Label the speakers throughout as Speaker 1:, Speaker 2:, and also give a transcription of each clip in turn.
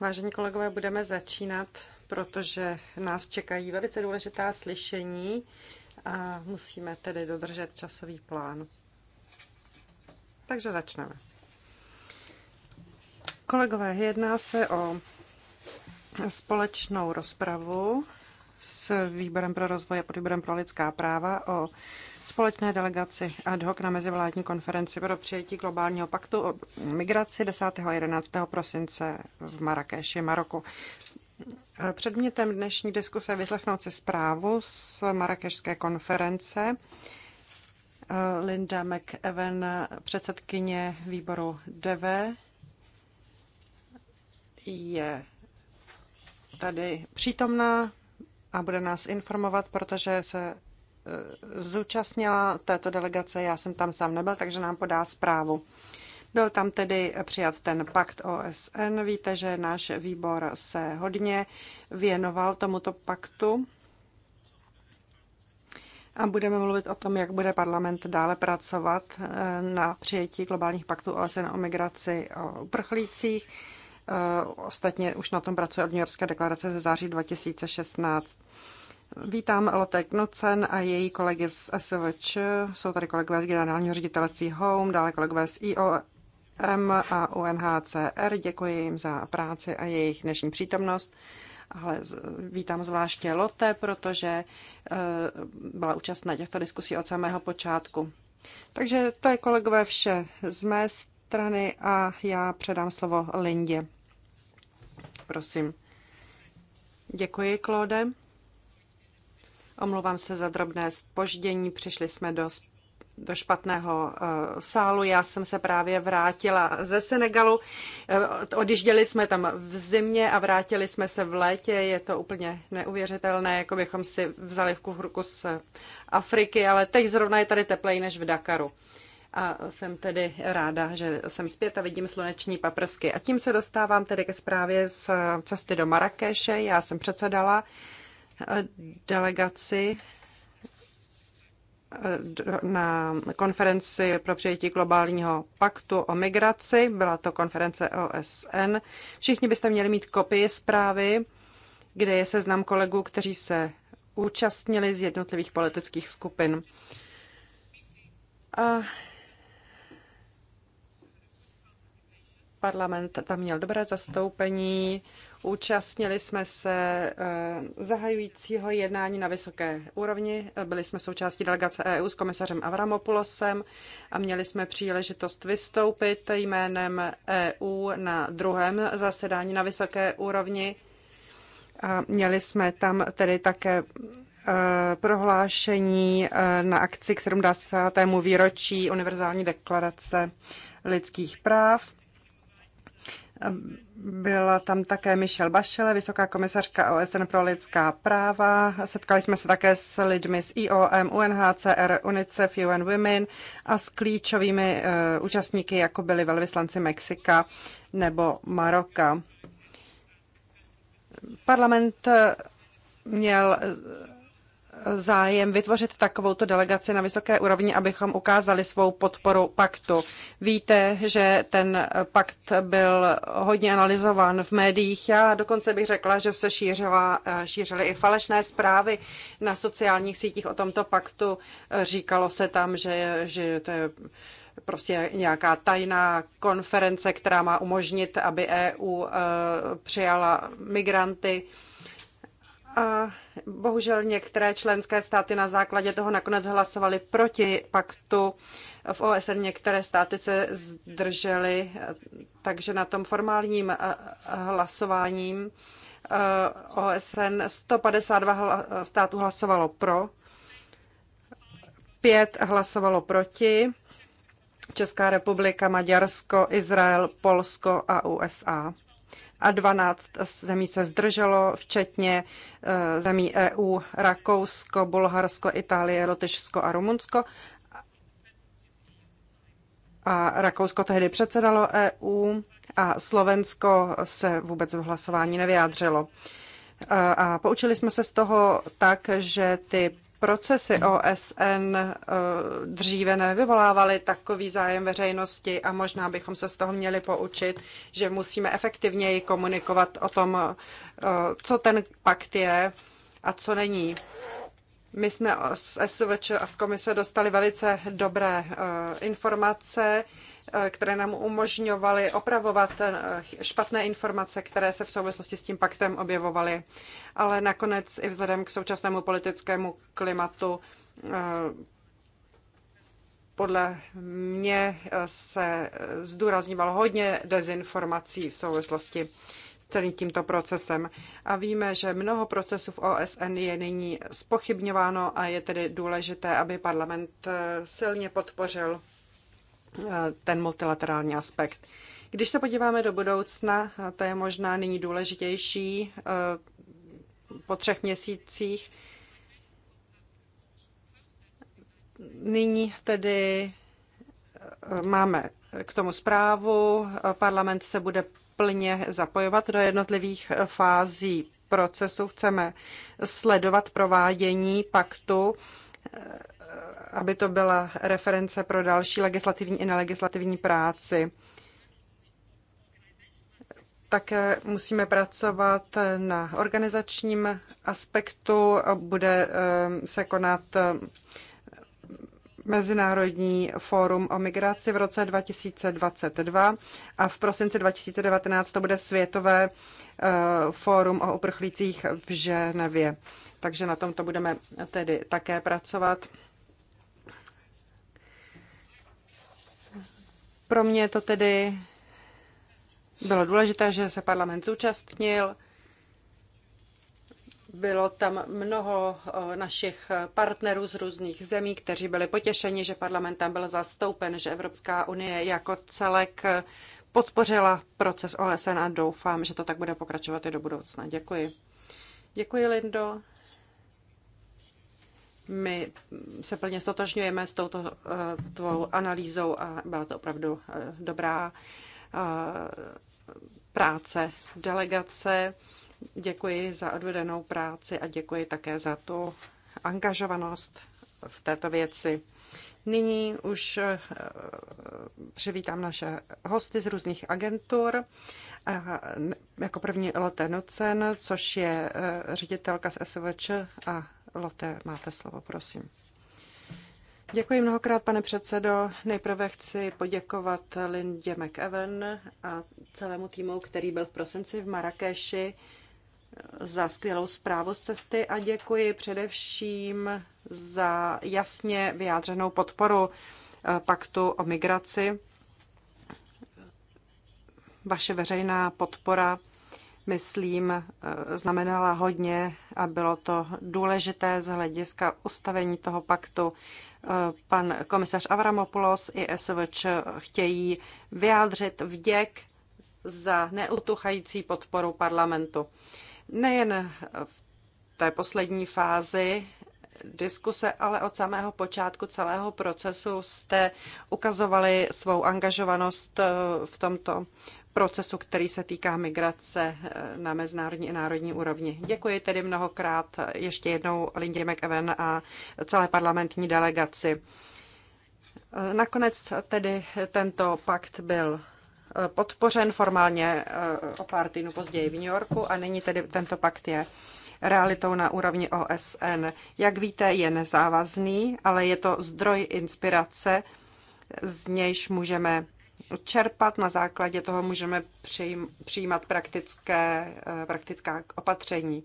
Speaker 1: Vážení kolegové, budeme začínat, protože nás čekají velice důležitá slyšení a musíme tedy dodržet časový plán. Takže začneme. Kolegové, jedná se o společnou rozpravu s Výborem pro rozvoj a podvýborem pro lidská práva o společné delegaci ad hoc na mezivládní konferenci pro přijetí globálního paktu o migraci 10. a 11. prosince v Marrakeši, Maroku. Předmětem dnešní diskuse je vyslechnout si zprávu z Marrakešské konference. Linda McEwen, předsedkyně výboru DV, je tady přítomná a bude nás informovat, protože se zúčastnila této delegace, já jsem tam sám nebyl, takže nám podá zprávu. Byl tam tedy přijat ten pakt OSN. Víte, že náš výbor se hodně věnoval tomuto paktu a budeme mluvit o tom, jak bude parlament dále pracovat eh, na přijetí globálních paktů OSN o migraci o uprchlících. Eh, ostatně už na tom pracuje od New Yorkské deklarace ze září 2016. Vítám Lotte Knudsen a její kolegy z SVČ. Jsou tady kolegové z generálního ředitelství Home, dále kolegové z IOM a UNHCR. Děkuji jim za práci a jejich dnešní přítomnost. Ale vítám zvláště Lotte, protože eh, byla účastná těchto diskusí od samého počátku. Takže to je kolegové vše z mé strany a já předám slovo Lindě. Prosím. Děkuji, Claude. Omlouvám se za drobné spoždění, přišli jsme do, do špatného uh, sálu. Já jsem se právě vrátila ze Senegalu. Uh, jsme tam v zimě a vrátili jsme se v létě. Je to úplně neuvěřitelné, jako bychom si vzali v kuchurku z Afriky, ale teď zrovna je tady teplej než v Dakaru. A jsem tedy ráda, že jsem zpět a vidím sluneční paprsky. A tím se dostávám tedy ke zprávě z cesty do Marrakeše. Já jsem předsedala delegaci eh, na konferenci pro přijetí globálního paktu o migraci. Byla to konference OSN. Všichni byste měli mít kopii zprávy, kde je seznam kolegů, kteří se účastnili z jednotlivých politických skupin. A parlament tam měl dobré zastoupení, Účastnili jsme se eh, zahajujícího jednání na vysoké úrovni. Byli jsme součástí delegace EU s komisařem Avramopulosem a měli jsme příležitost vystoupit jménem EU na druhém zasedání na vysoké úrovni. A měli jsme tam tedy také eh, prohlášení eh, na akci k 70. výročí Univerzální deklarace lidských práv. Byla tam také Michelle Bašele, vysoká komisařka OSN pro lidská práva. Setkali jsme se také s lidmi z IOM, UNHCR, UNICEF, UN Women a s klíčovými uh, účastníky, jako byli velvyslanci Mexika nebo Maroka. Parlament eh, měl zájem vytvořit takovouto delegaci na vysoké úrovni, abychom ukázali svou podporu paktu. Víte, že ten pakt byl hodně analyzován v médiích. Já dokonce bych řekla, že se šířila, šířily i falešné zprávy na sociálních sítích o tomto paktu. Říkalo se tam, že, že to je prostě nějaká tajná konference, která má umožnit, aby EU eh, přijala migranty bohužel některé členské státy na základě toho nakonec hlasovaly proti paktu. V OSN některé státy se zdržely, takže na tom formálním eh, hlasováním eh, OSN 152 států hlasovalo pro, pět hlasovalo proti, Česká republika, Maďarsko, Izrael, Polsko a USA a 12 zemí se zdrželo, včetně eh, zemí EU, Rakousko, Bulharsko, Itálie, Lotyšsko a Rumunsko. A Rakousko tehdy předsedalo EU a Slovensko se vůbec v hlasování nevyjádřilo. Eh, a poučili jsme se z toho tak, že ty procesy OSN eh, dříve nevyvolávaly takový zájem veřejnosti a možná bychom se z toho měli poučit, že musíme efektivněji komunikovat o tom, eh, co ten pakt je a co není. My jsme z SVČ a z komise dostali velice dobré eh, informace. Eh, které nám umožňovaly opravovat eh, špatné informace, které se v souvislosti s tím paktem objevovaly. Ale nakonec i vzhledem k současnému politickému klimatu eh, podle mě se zdůrazňovalo hodně dezinformací v souvislosti s celým tímto procesem. A víme, že mnoho procesů v OSN je nyní spochybňováno a je tedy důležité, aby parlament silně podpořil Eh, ten multilaterální aspekt. Když se podíváme do budoucna, a eh, to je možná nyní důležitější eh, po třech měsících, nyní tedy máme k tomu zprávu. Parlament se bude plně zapojovat do jednotlivých fází procesu. Chceme sledovat provádění paktu aby to byla reference pro další legislativní i nelegislativní práci. Také musíme pracovat na organizačním aspektu. Bude eh, se konat eh, Mezinárodní fórum o migraci v roce 2022 a v prosinci 2019 to bude Světové eh, fórum o uprchlících v Ženevě. Takže na tom to budeme tedy také pracovat. Pro mě to tedy bylo důležité, že se parlament zúčastnil. Bylo tam mnoho eh, našich partnerů z různých zemí, kteří byli potěšeni, že parlament tam byl zastoupen, že Evropská unie jako celek podpořila proces OSN a doufám, že to tak bude pokračovat i do budoucna. Děkuji. Děkuji, Lindo. My se plně stotožňujeme s touto eh, tvou analýzou a byla to opravdu eh, dobrá eh, práce delegace. Děkuji za odvedenou práci a děkuji také za tu angažovanost v této věci. Nyní už přivítám naše hosty z různých agentur. Jako první Lotte Nucen, což je ředitelka z SVČ a Lote, máte slovo, prosím. Děkuji mnohokrát, pane předsedo. Nejprve chci poděkovat Lindě McEwen a celému týmu, který byl v prosinci v Marrakeši za skvělou zprávu z cesty a děkuji především za jasně vyjádřenou podporu eh, paktu o migraci. Vaše veřejná podpora myslím, eh, znamenala hodně a bylo to důležité z hlediska ustavení toho paktu. Eh, pan komisař Avramopoulos i SVČ chtějí vyjádřit vděk za neutuchající podporu parlamentu. Nejen v té poslední fázi diskuse, ale od samého počátku celého procesu jste ukazovali svou angažovanost eh, v tomto procesu, který se týká migrace eh, na mezinárodní i národní úrovni. Děkuji tedy mnohokrát ještě jednou Lindě McEwen a celé parlamentní delegaci. Eh, nakonec tedy tento pakt byl eh, podpořen formálně o pár týdnů později v New Yorku a nyní tedy tento pakt je realitou na úrovni OSN. Jak víte, je nezávazný, ale je to zdroj inspirace, z nějž můžeme čerpat. Na základě toho můžeme přijímat praktické, eh, praktická opatření.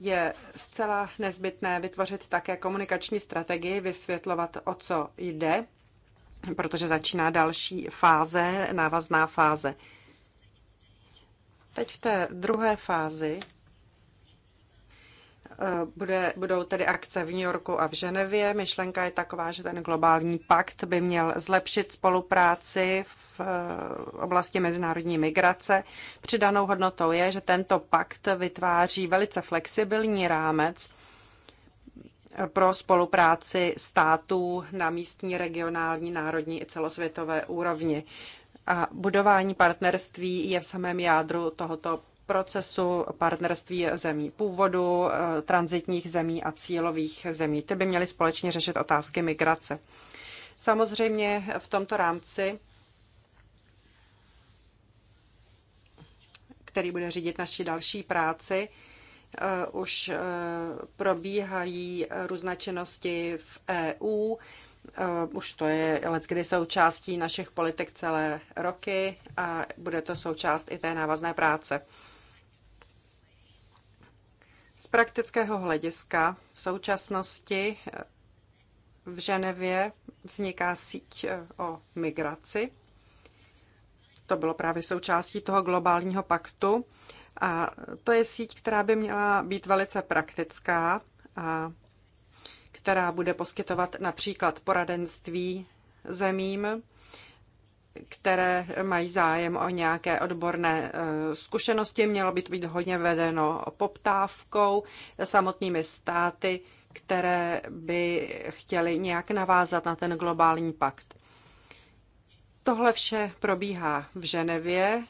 Speaker 1: Je zcela nezbytné vytvořit také komunikační strategii, vysvětlovat, o co jde, protože začíná další fáze, návazná fáze. Teď v té druhé fázi Eh, bude, budou tedy akce v New Yorku a v Ženevě. Myšlenka je taková, že ten globální pakt by měl zlepšit spolupráci v eh, oblasti mezinárodní migrace. Přidanou hodnotou je, že tento pakt vytváří velice flexibilní rámec eh, pro spolupráci států na místní, regionální, národní i celosvětové úrovni. A budování partnerství je v samém jádru tohoto procesu partnerství zemí původu, eh, transitních zemí a cílových zemí. Ty by měly společně řešit otázky migrace. Samozřejmě v tomto rámci, který bude řídit naši další práci, eh, už eh, probíhají různé činnosti v EU. Už to je let, kdy součástí našich politik celé roky a bude to součást i té návazné práce praktického hlediska v současnosti eh, v Ženevě vzniká síť eh, o migraci. To bylo právě součástí toho globálního paktu. A to je síť, která by měla být velice praktická a která bude poskytovat například poradenství zemím, které mají zájem o nějaké odborné e, zkušenosti. Mělo by to být hodně vedeno poptávkou samotnými státy, které by chtěly nějak navázat na ten globální pakt. Tohle vše probíhá v Ženevě. E,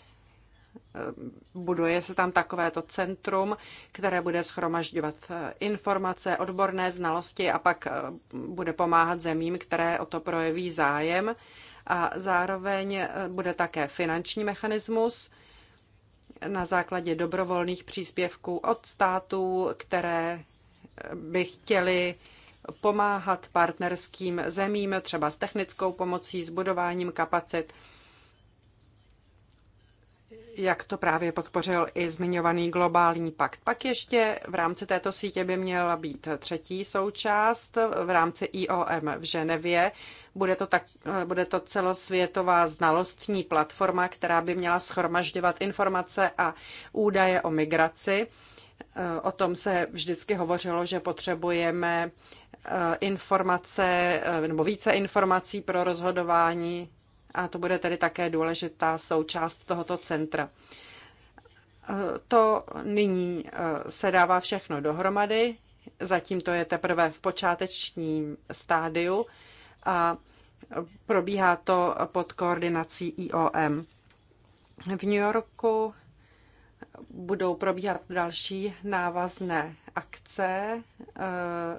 Speaker 1: buduje se tam takovéto centrum, které bude schromažďovat e, informace, odborné znalosti a pak bude pomáhat zemím, které o to projeví zájem a zároveň eh, bude také finanční mechanismus na základě dobrovolných příspěvků od států, které eh, by chtěly pomáhat partnerským zemím, třeba s technickou pomocí, s budováním kapacit jak to právě podpořil i zmiňovaný globální pakt. Pak ještě v rámci této sítě by měla být třetí součást v rámci IOM v Ženevě. Bude to, tak, bude to celosvětová znalostní platforma, která by měla schromažďovat informace a údaje o migraci. O tom se vždycky hovořilo, že potřebujeme eh, informace eh, nebo více informací pro rozhodování a to bude tedy také důležitá součást tohoto centra. E, to nyní e, se dává všechno dohromady, zatím to je teprve v počátečním stádiu a probíhá to pod koordinací IOM. V New Yorku budou probíhat další návazné akce e,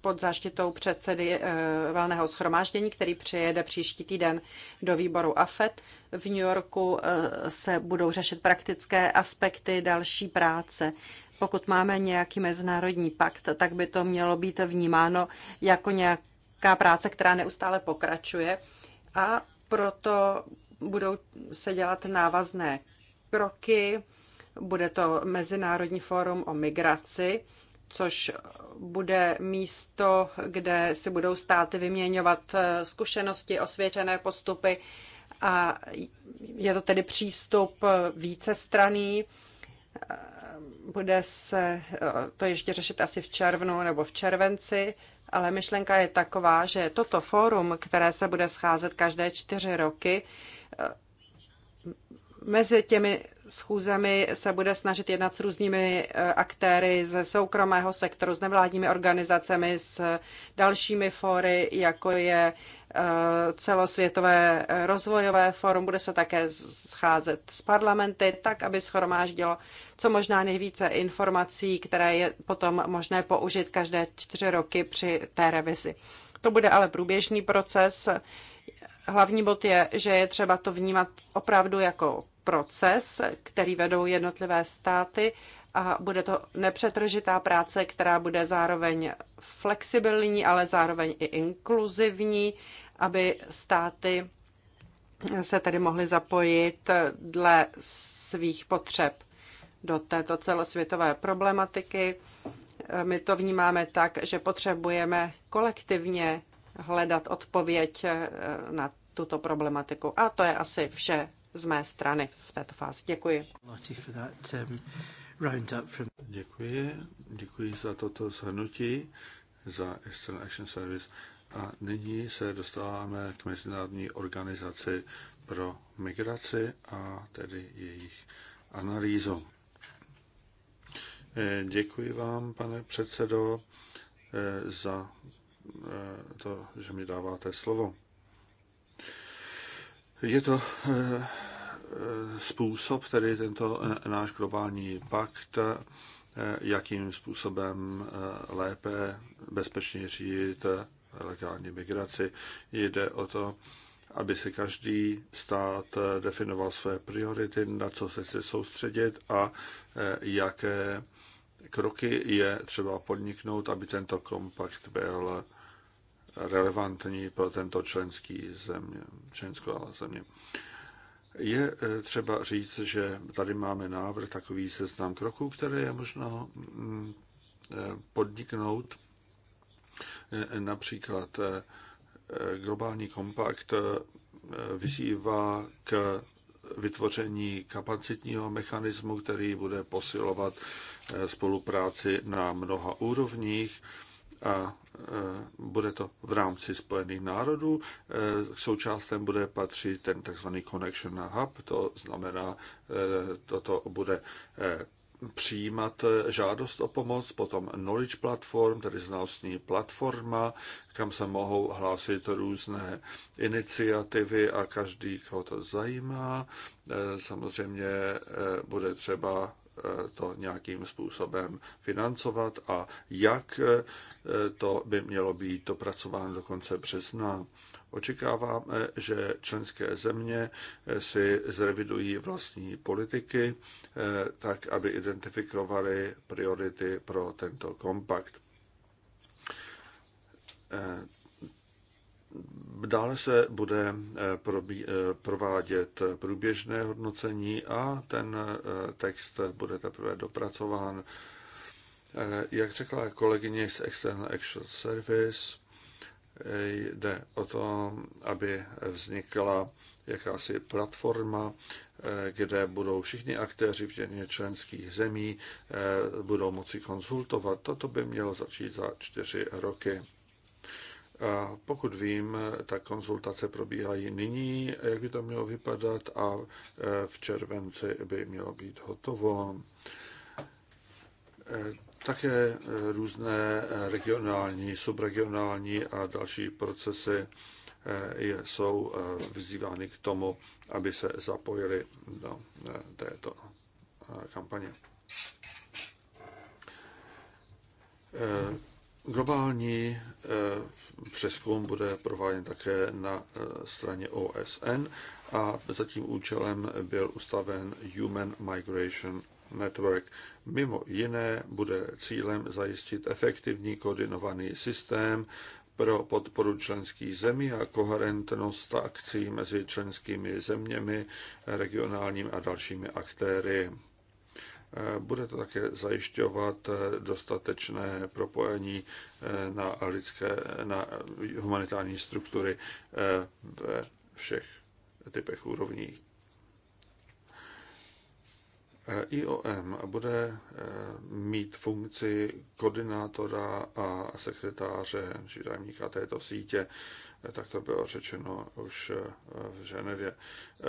Speaker 1: pod záštitou předsedy eh, valného schromáždění, který přijede příští týden do výboru AFET. V New Yorku eh, se budou řešit praktické aspekty další práce. Pokud máme nějaký mezinárodní pakt, tak by to mělo být vnímáno jako nějaká práce, která neustále pokračuje a proto budou se dělat návazné kroky. Bude to Mezinárodní fórum o migraci, což bude místo, kde si budou státy vyměňovat eh, zkušenosti, osvědčené postupy a je to tedy přístup eh, vícestraný. Eh, bude se to ještě řešit asi v červnu nebo v červenci, ale myšlenka je taková, že toto fórum, které se bude scházet každé čtyři roky, mezi těmi schůzemi se bude snažit jednat s různými eh, aktéry ze soukromého sektoru, s nevládními organizacemi, s dalšími fóry, jako je eh, celosvětové eh, rozvojové fórum. Bude se také scházet s parlamenty, tak, aby schromáždilo co možná nejvíce informací, které je potom možné použít každé čtyři roky při té revizi. To bude ale průběžný proces. Hlavní bod je, že je třeba to vnímat opravdu jako proces, který vedou jednotlivé státy a bude to nepřetržitá práce, která bude zároveň flexibilní, ale zároveň i inkluzivní, aby státy se tedy mohly zapojit dle svých potřeb do této celosvětové problematiky. My to vnímáme tak, že potřebujeme kolektivně hledat odpověď eh, na tuto problematiku. A to je asi vše z mé strany v této fázi. Děkuji.
Speaker 2: Um, děkuji, děkuji za toto shrnutí, za External Action Service. A nyní se dostáváme k Mezinárodní organizaci pro migraci a tedy jejich analýzu. Eh, děkuji vám, pane předsedo, eh, za eh, to, že mi dáváte slovo. Je to eh, eh, způsob, tedy tento eh, náš globální pakt, jakým způsobem lépe, bezpečně řídit legální migraci. Jde o to, aby si každý stát definoval své priority, na co se chce soustředit a jaké kroky je třeba podniknout, aby tento kompakt byl relevantní pro tento členský země, členskou země. Je eh, třeba říct, že tady máme návrh, takový seznam kroků, které je možno mm, eh, podniknout. Eh, například globální kompakt vyzývá k vytvoření kapacitního mechanismu, který bude posilovat spolupráci na mnoha úrovních a e, bude to v rámci Spojených národů. K e, součástem bude patřit ten tzv. Connection Hub, to znamená, e, toto bude přijímat žádost o pomoc, potom knowledge platform, tedy znalostní platforma, kam se mohou hlásit různé iniciativy a každý, koho to zajímá. Samozřejmě bude třeba to nějakým způsobem financovat a jak eh, to by mělo být dopracováno do konce března. Očekáváme, že členské země eh, si zrevidují vlastní politiky eh, tak, aby identifikovaly priority pro tento kompakt Dále se bude eh, eh, provádět průběžné hodnocení a ten eh, text bude teprve dopracován. Jak řekla kolegyně z External Action Service, jde o to, aby vznikla jakási platforma, kde budou všichni aktéři, těch členských zemí, budou moci konzultovat. Toto by mělo začít za čtyři roky. A pokud vím, tak konzultace probíhají nyní, jak by to mělo vypadat a e, v červenci by mělo být hotovo. E, také e, různé regionální, subregionální a další procesy jsou vyzývány k tomu, aby se zapojili do této kampaně. Globální eh, přeskum bude prováděn také na eh, straně OSN a za tím účelem byl ustaven Human Migration Network. Mimo jiné bude cílem zajistit efektivní koordinovaný systém pro podporu členských zemí a koherentnost akcí mezi členskými zeměmi, regionálními a dalšími aktéry. Eh, bude to také zajišťovat eh, dostatečné propojení eh, na, lidské, na humanitární struktury ve všech typech úrovní. IOM bude mít funkci koordinátora a sekretáře či tajemníka této sítě tak to bylo řečeno už eh, v Ženevě. Eh,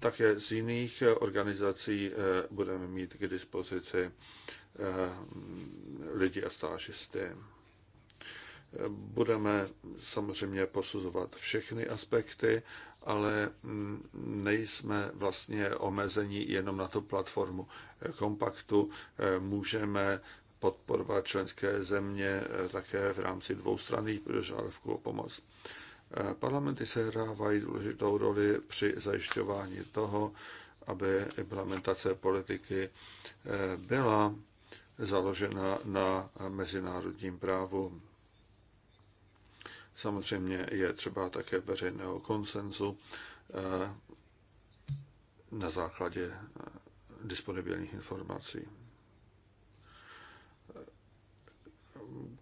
Speaker 2: Také z jiných eh, organizací budeme mít k dispozici lidi a stážisty. Budeme samozřejmě posuzovat všechny aspekty, ale mm, nejsme vlastně omezení jenom na tu platformu kompaktu. Můžeme podporovat členské země eh, také v rámci dvoustranných požadavků o pomoc. Eh, parlamenty se hrávají důležitou roli při zajišťování toho, aby implementace politiky eh, byla založena na mezinárodním právu. Samozřejmě je třeba také veřejného konsenzu na základě disponibilních informací.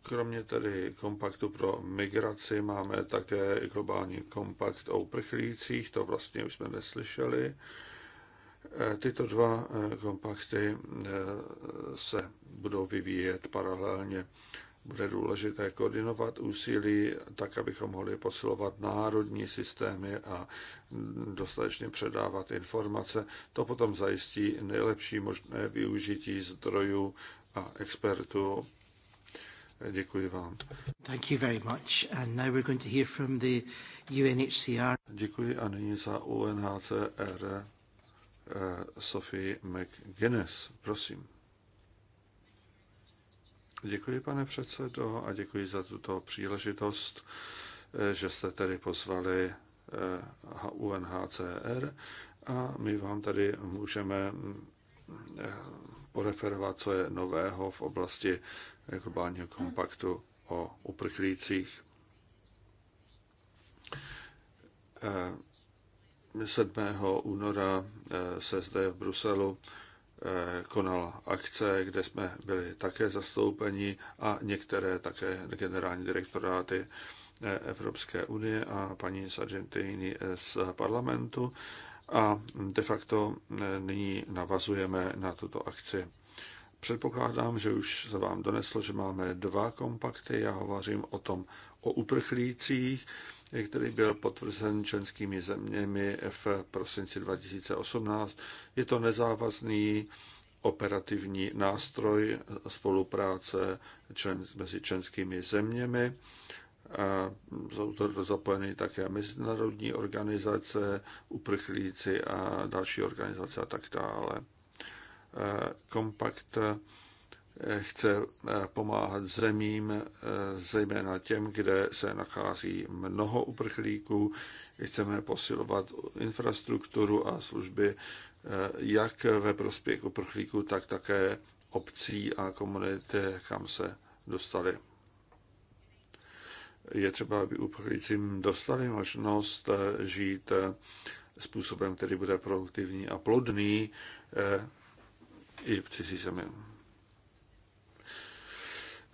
Speaker 2: Kromě tedy kompaktu pro migraci máme také globální kompakt o uprchlících, to vlastně už jsme neslyšeli. E, tyto dva e, kompakty e, se budou vyvíjet paralelně. Bude důležité koordinovat úsilí tak, abychom mohli posilovat národní systémy a dostatečně předávat informace. To potom zajistí nejlepší možné využití zdrojů a expertů Děkuji vám. Thank you very much. And now we're going to hear from the UNHCR. Děkuji a nyní za UNHCR eh, Sophie McGuinness. Prosím. Děkuji, pane předsedo, a děkuji za tuto příležitost, eh, že jste tedy pozvali eh, UNHCR a my vám tady můžeme mm, poreferovat, co je nového v oblasti globálního kompaktu o uprchlících. 7. Eh, února eh, se zde v Bruselu eh, konala akce, kde jsme byli také zastoupeni a některé také generální direktoráty Evropské unie a paní z Argentiny z parlamentu. A de facto nyní navazujeme na tuto akci. Předpokládám, že už se vám doneslo, že máme dva kompakty. Já hovořím o tom, o uprchlících, který byl potvrzen členskými zeměmi v prosinci 2018. Je to nezávazný operativní nástroj spolupráce člen, mezi členskými zeměmi. A jsou to zapojeny také mezinárodní organizace, uprchlíci a další organizace a tak dále kompakt eh, chce eh, pomáhat zemím, eh, zejména těm, kde se nachází mnoho uprchlíků. Chceme posilovat infrastrukturu a služby jak ve prospěch uprchlíků, tak také obcí a komunity, kam se dostali. Je třeba, aby uprchlícím dostali možnost žít způsobem, který bude produktivní a plodný, i v cizí zemi.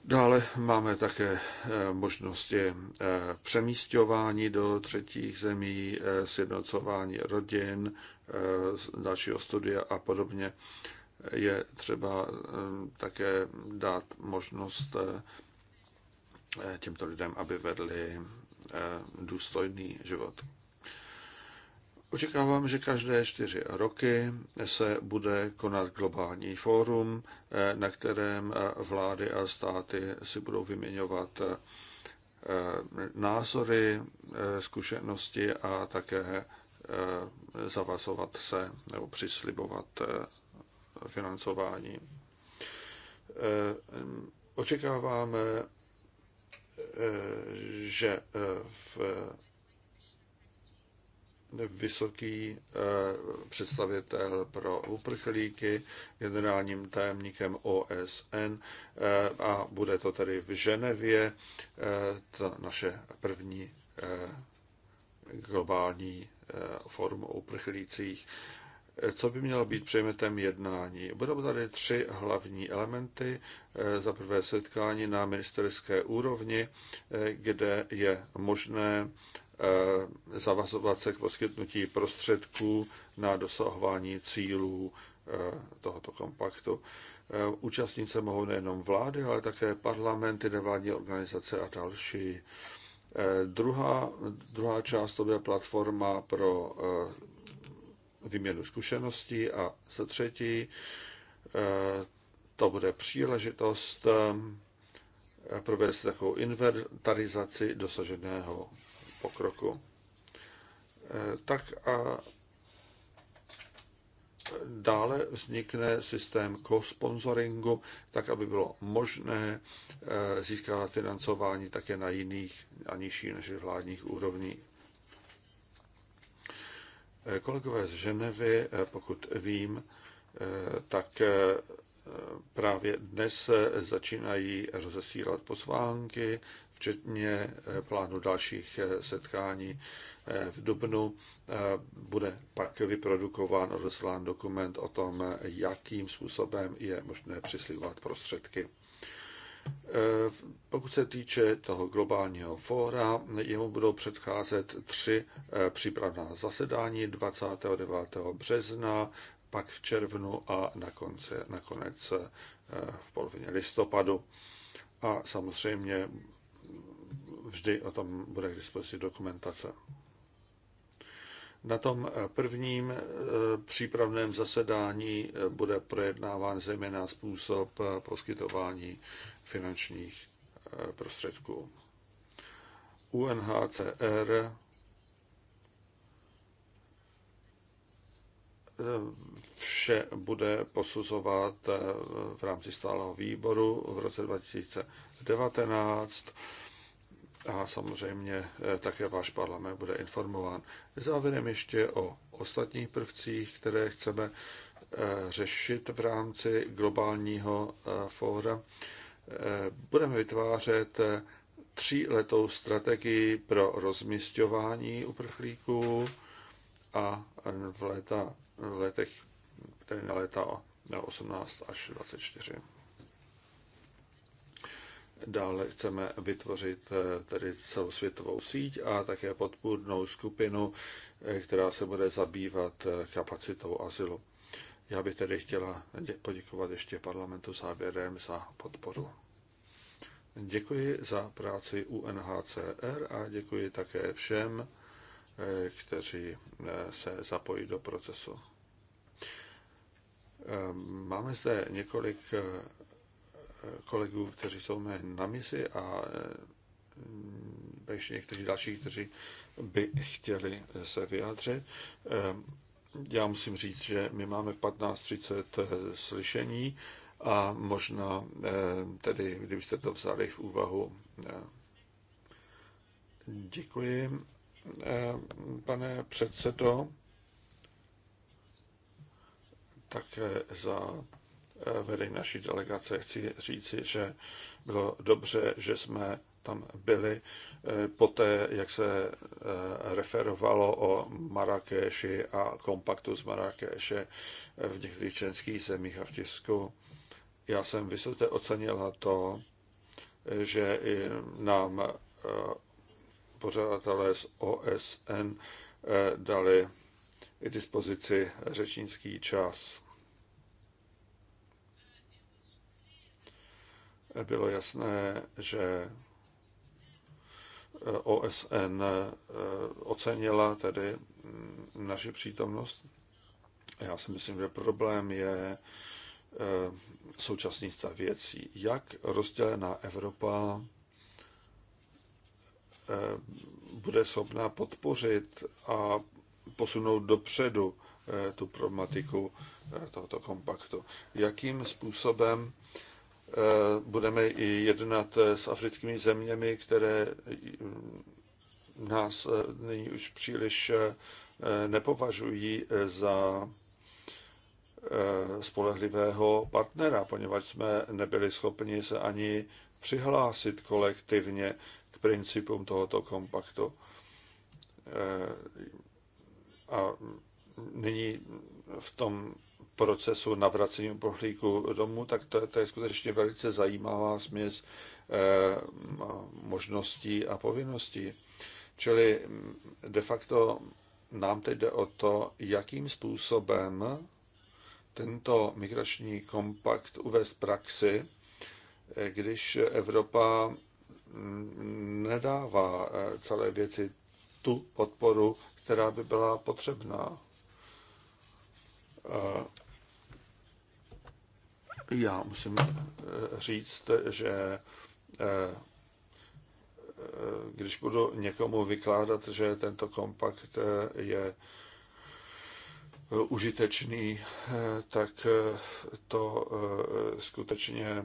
Speaker 2: Dále máme také eh, možnosti eh, přemístování do třetích zemí, eh, sjednocování rodin, dalšího studia a podobně. Je třeba také dát možnost těmto lidem, aby vedli důstojný život. Očekávám, že každé čtyři roky se bude konat globální fórum, eh, na kterém eh, vlády a státy si budou vyměňovat eh, názory, zkušenosti a také zavazovat se nebo přislibovat financování. Očekáváme, že v vysoký eh, představitel pro uprchlíky, generálním tajemníkem OSN eh, a bude to tedy v Ženevě eh, to naše první globální forum o uprchlících. Co by mělo být předmětem jednání? Budou tady tři hlavní elementy. Za prvé setkání na ministerské úrovni, kde je možné Eh, zavazovat se k poskytnutí prostředků na dosahování cílů eh, tohoto kompaktu. Eh, účastnit se mohou nejenom vlády, ale také parlamenty, nevládní organizace a další. Druhá, druhá část to byla platforma pro výměnu zkušeností a za třetí to bude příležitost provést takovou inventarizaci dosaženého pokroku, eh, tak a dále vznikne systém co-sponsoringu, tak aby bylo možné eh, získat financování také na jiných a nižší než vládních úrovní. Eh, kolegové z Ženevy, pokud vím, tak právě dnes začínají rozesílat pozvánky včetně eh, plánu dalších eh, setkání eh, v Dubnu, bude pak vyprodukován a dokument o tom, jakým způsobem je možné přislivovat prostředky. Pokud se týče toho globálního fóra, jemu budou předcházet tři přípravná zasedání 29. března, pak v červnu a na konce, nakonec v polovině listopadu. A samozřejmě vždy o tom bude k dispozici dokumentace. Na tom prvním eh, přípravném zasedání eh, bude projednáván zejména způsob eh, poskytování finančních prostředků. UNHCR vše bude posuzovat v rámci stáleho výboru v roce 2019 a samozřejmě eh, také váš parlament bude informován. Závěrem ještě o ostatních prvcích, které chceme eh, řešit v rámci globálního eh, fóra. Budeme vytvářet tříletou strategii pro rozmístování uprchlíků a v, léta, v letech, tedy na léta 18 až 24. Dále chceme vytvořit eh, tedy celosvětovou síť a také podpůrnou skupinu, eh, která se bude zabývat eh, kapacitou azylu. Já bych tedy chtěla poděkovat ještě parlamentu závěrem za podporu. Děkuji za práci UNHCR a děkuji také všem, kteří se zapojí do procesu. Máme zde několik kolegů, kteří jsou mé na misi a eh, ještě někteří další, kteří by chtěli se vyjádřit. Eh, já musím říct, že my máme v 15.30 eh, slyšení a možná tedy, kdybyste to vzali v úvahu. Děkuji, pane předsedo, tak za vedení naší delegace. Chci říci, že bylo dobře, že jsme tam byli. Eh, poté, jak se eh, referovalo o Marrakeši a kompaktu z Marrakeše eh, v některých členských zemích a v tisku, já jsem vysoce ocenila to, že nám pořadatelé z OSN dali i dispozici řečnický čas. bylo jasné, že OSN eh, ocenila tedy mm, naši přítomnost. Já si myslím, že problém je eh, současný stav věcí. Jak rozdělená Evropa eh, bude schopná podpořit a posunout dopředu tu problematiku tohoto kompaktu. Jakým způsobem Eh, budeme i jednat eh, s africkými zeměmi, které mm, nás eh, nyní už příliš nepovažují za spolehlivého partnera, poněvadž jsme nebyli schopni se ani přihlásit kolektivně k principům tohoto kompaktu. A nyní v tom procesu navracení uprchlíků domů, tak to, to je skutečně velice zajímavá směs eh, možností a povinností. Čili de facto nám teď jde o to, jakým způsobem tento migrační kompakt uvést praxi, eh, když Evropa mm, nedává eh, celé věci tu podporu, která by byla potřebná. Já musím eh, říct, že eh, eh, když budu někomu vykládat, že tento kompakt je užitečný, tak to skutečně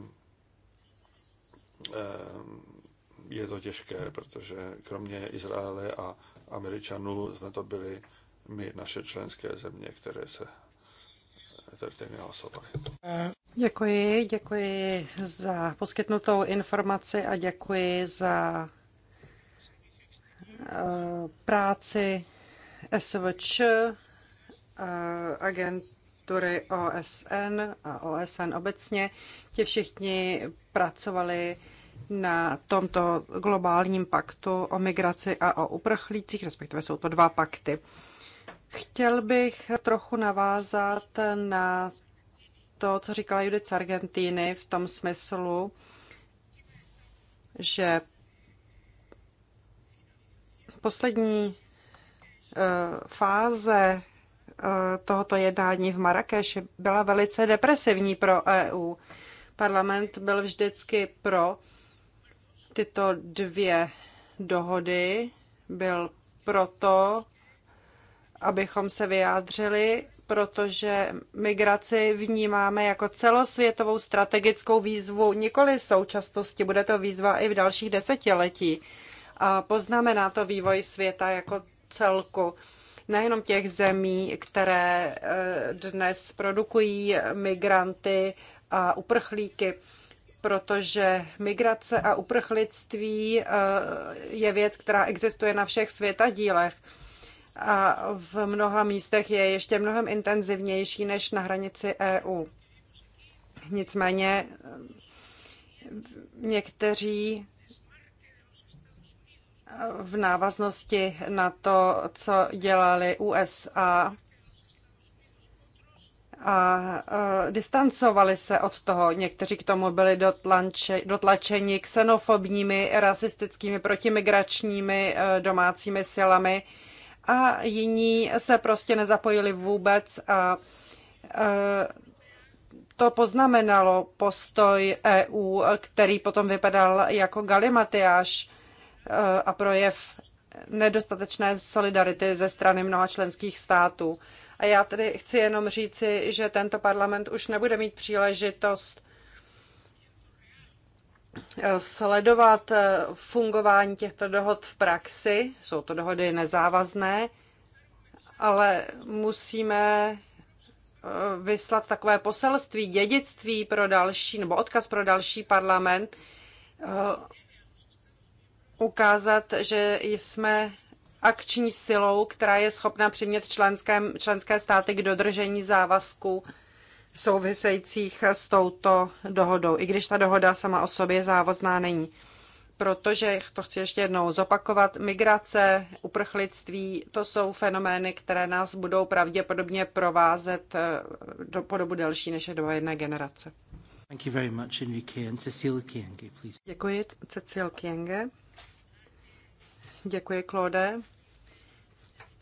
Speaker 2: je to těžké, protože kromě Izraele a Američanů jsme to byli my, naše členské země, které se
Speaker 1: Děkuji, děkuji za poskytnutou informaci a děkuji za eh, práci SVČ, agentury OSN a OSN obecně. Ti všichni pracovali na tomto globálním paktu o migraci a o uprchlících, respektive jsou to dva pakty. Chtěl bych trochu navázat na to, co říkala Judith Argentíny v tom smyslu, že poslední eh, fáze eh, tohoto jednání v Marrakeši byla velice depresivní pro EU. Parlament byl vždycky pro tyto dvě dohody, byl proto, abychom se vyjádřili, protože migraci vnímáme jako celosvětovou strategickou výzvu, nikoli současnosti, bude to výzva i v dalších desetiletí. A poznamená to vývoj světa jako celku nejenom těch zemí, které eh, dnes produkují migranty a uprchlíky, protože migrace a uprchlictví eh, je věc, která existuje na všech světadílech. dílech a v mnoha místech je ještě mnohem intenzivnější než na hranici EU. Nicméně eh, někteří eh, v návaznosti na to, co dělali USA, a uh, distancovali se od toho. Někteří k tomu byli dotlanče, dotlačeni ksenofobními, rasistickými, protimigračními uh, domácími silami. Uh, a jiní se prostě nezapojili vůbec a to poznamenalo postoj EU, který potom vypadal jako galimatiáš e, a projev nedostatečné solidarity ze strany mnoha členských států. A já tedy chci jenom říci, že tento parlament už nebude mít příležitost sledovat eh, fungování těchto dohod v praxi. Jsou to dohody nezávazné, ale musíme eh, vyslat takové poselství, dědictví pro další, nebo odkaz pro další parlament, eh, ukázat, že jsme akční silou, která je schopna přimět členské, členské státy k dodržení závazku souvisejících s touto dohodou, i když ta dohoda sama o sobě závazná není. Protože, to chci ještě jednou zopakovat, migrace, uprchlictví, to jsou fenomény, které nás budou pravděpodobně provázet eh, do, po dobu delší než je do jedné generace.
Speaker 2: Thank you very much, Enrique. And Cecil Kienge, please.
Speaker 1: Děkuji, Cecil Kienge. Děkuji, Claude.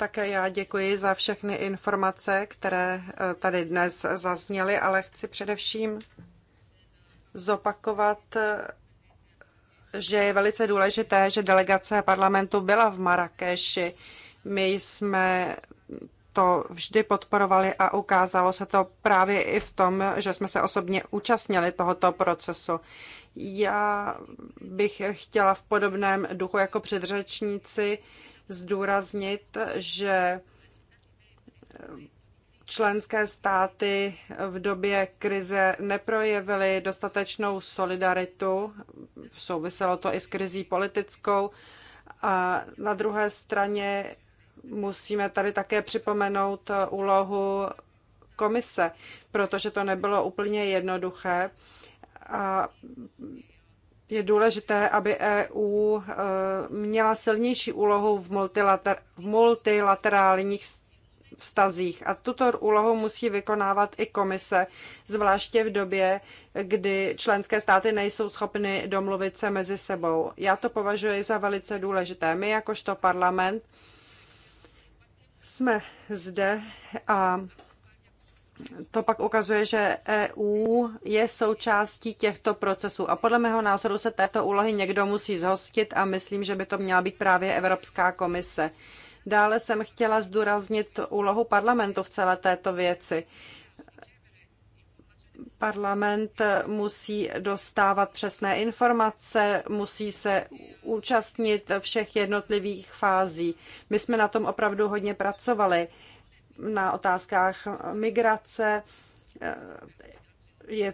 Speaker 1: Také já děkuji za všechny informace, které eh, tady dnes zazněly, ale chci především zopakovat, eh, že je velice důležité, že delegace parlamentu byla v Marrakeši. My jsme to vždy podporovali a ukázalo se to právě i v tom, že jsme se osobně účastnili tohoto procesu. Já bych chtěla v podobném duchu jako předřečníci zdůraznit, že členské státy v době krize neprojevily dostatečnou solidaritu. Souviselo to i s krizí politickou. A na druhé straně musíme tady také připomenout úlohu komise, protože to nebylo úplně jednoduché. A je důležité, aby EU eh, měla silnější úlohu v, multilater- v multilaterálních vztazích. A tuto úlohu musí vykonávat i komise, zvláště v době, kdy členské státy nejsou schopny domluvit se mezi sebou. Já to považuji za velice důležité. My, jakožto parlament, jsme zde a to pak ukazuje, že EU je součástí těchto procesů a podle mého názoru se této úlohy někdo musí zhostit a myslím, že by to měla být právě Evropská komise. Dále jsem chtěla zdůraznit úlohu parlamentu v celé této věci. Parlament musí dostávat přesné informace, musí se účastnit všech jednotlivých fází. My jsme na tom opravdu hodně pracovali na otázkách migrace. Je,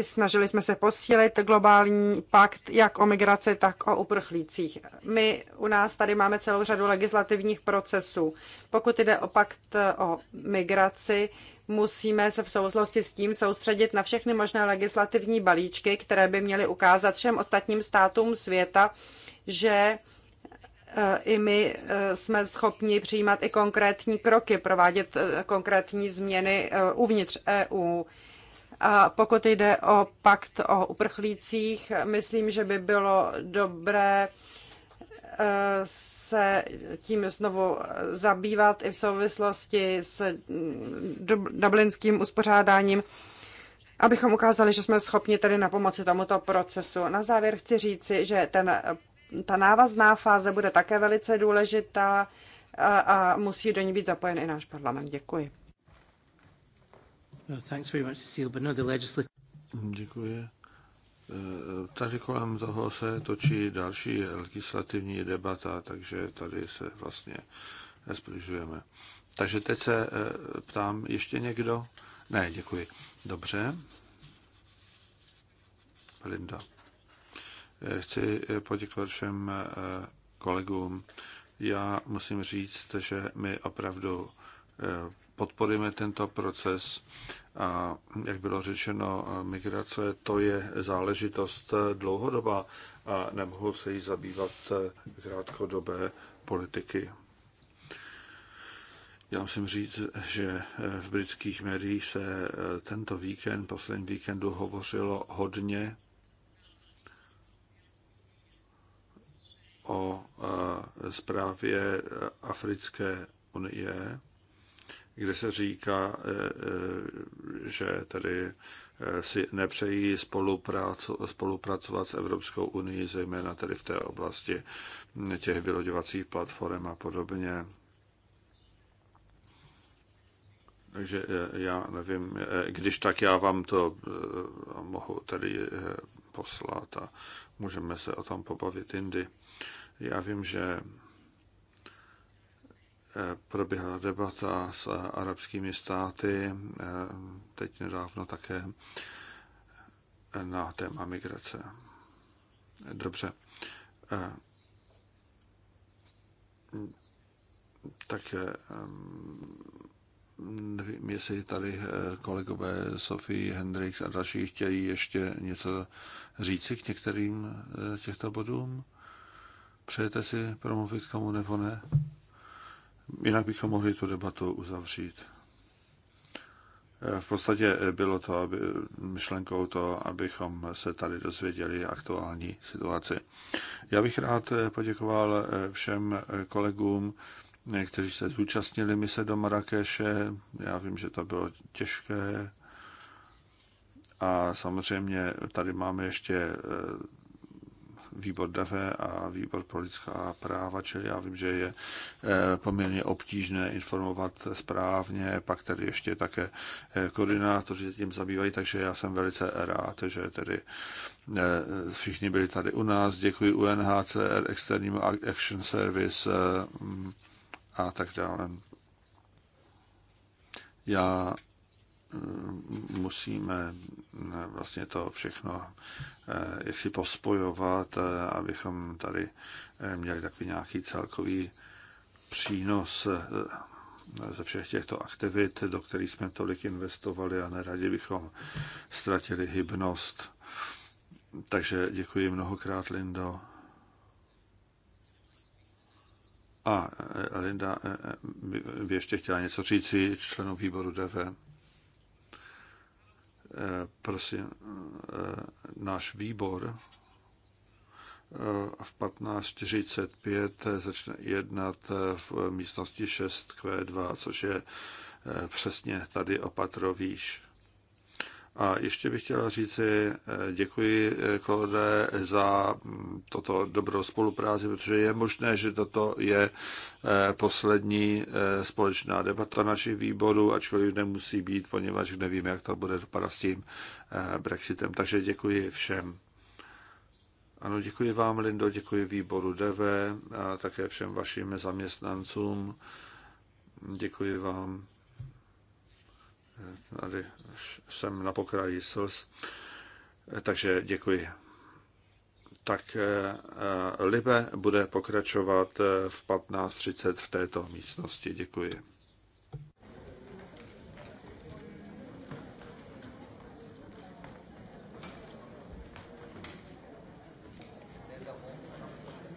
Speaker 1: snažili jsme se posílit globální pakt jak o migraci, tak o uprchlících. My u nás tady máme celou řadu legislativních procesů. Pokud jde o pakt o migraci, musíme se v souvislosti s tím soustředit na všechny možné legislativní balíčky, které by měly ukázat všem ostatním státům světa, že Eh, i my eh, jsme schopni přijímat i konkrétní kroky, provádět eh, konkrétní změny uvnitř EU. A pokud jde o pakt o uprchlících, myslím, že by bylo dobré se tím znovu zabývat i v souvislosti s mm, dublinským uspořádáním, abychom ukázali, že jsme schopni tedy na pomoci tomuto procesu. Na závěr chci říci, že ten ta návazná fáze bude také velice důležitá a, a musí do ní být zapojen i náš parlament. Děkuji. No, thanks very
Speaker 2: much, but no, the legislative... Děkuji. Eh, tady kolem toho se točí další legislativní debata, takže tady se vlastně zbližujeme. Takže teď se eh, ptám, ještě někdo? Ne, děkuji. Dobře. Linda. Chci poděkovat všem eh, kolegům. Já musím říct, že my opravdu eh, podporujeme tento proces a jak bylo řečeno, migrace to je záležitost eh, dlouhodobá a nemohou se jí zabývat krátkodobé politiky. Já musím říct, že v britských médiích se tento víkend, poslední víkendu, hovořilo hodně o zprávě Africké unie, kde se říká, e, e, že tedy e, si nepřejí spolupracovat s Evropskou unii, zejména tedy v té oblasti těch vyloďovacích platform a podobně. Takže já nevím, když tak já vám to mohu tedy poslat a můžeme se o tom pobavit jindy. Já vím, že eh, proběhla debata s eh, arabskými státy, eh, teď nedávno také na téma migrace. Dobře. Tak mm, nevím, jestli tady kolegové Sofie Hendrix a další chtějí ještě něco říci k některým těchto bodům. Přejete si promluvit komu nebo ne? Jinak bychom mohli tu debatu uzavřít. V podstatě bylo to aby, myšlenkou to, abychom se tady dozvěděli aktuální situaci. Já bych rád poděkoval všem kolegům, kteří se zúčastnili mise do Marrakeše. Já vím, že to bylo těžké. A samozřejmě tady máme ještě výbor DAFE a výbor pro lidská práva, čili já vím, že je eh, poměrně obtížné informovat správně, pak tedy ještě také eh, koordinátoři se tím zabývají, takže já jsem velice rád, že tedy eh, všichni byli tady u nás. Děkuji UNHCR, externímu Action Service a tak dále. Já musíme eh, vlastně to všechno eh, jak si pospojovat, eh, abychom tady měli takový nějaký celkový přínos ze všech těchto aktivit, do kterých jsme tolik investovali a neradi bychom ztratili hybnost. Takže děkuji mnohokrát, Lindo. A Linda by ještě chtěla něco říct členům výboru DV prosím, eh, náš výbor eh, v 15.45 začne jednat eh, v místnosti 6Q2, což je přesně tady opatro a ještě bych chtěla říci eh, děkuji, Klode, eh, za mm, toto dobrou spolupráci, protože je možné, že toto je eh, poslední společná debata našich výborů, ačkoliv nemusí být, poněvadž nevím, jak to bude dopadat s tím Brexitem. Takže děkuji všem. Ano, děkuji vám, Lindo, děkuji výboru DV a také všem vašim zaměstnancům. Děkuji vám. Tady jsem na pokraji slz. Takže děkuji. Tak eh, eh, Libe bude pokračovat eh, v 15.30 v této místnosti. Děkuji.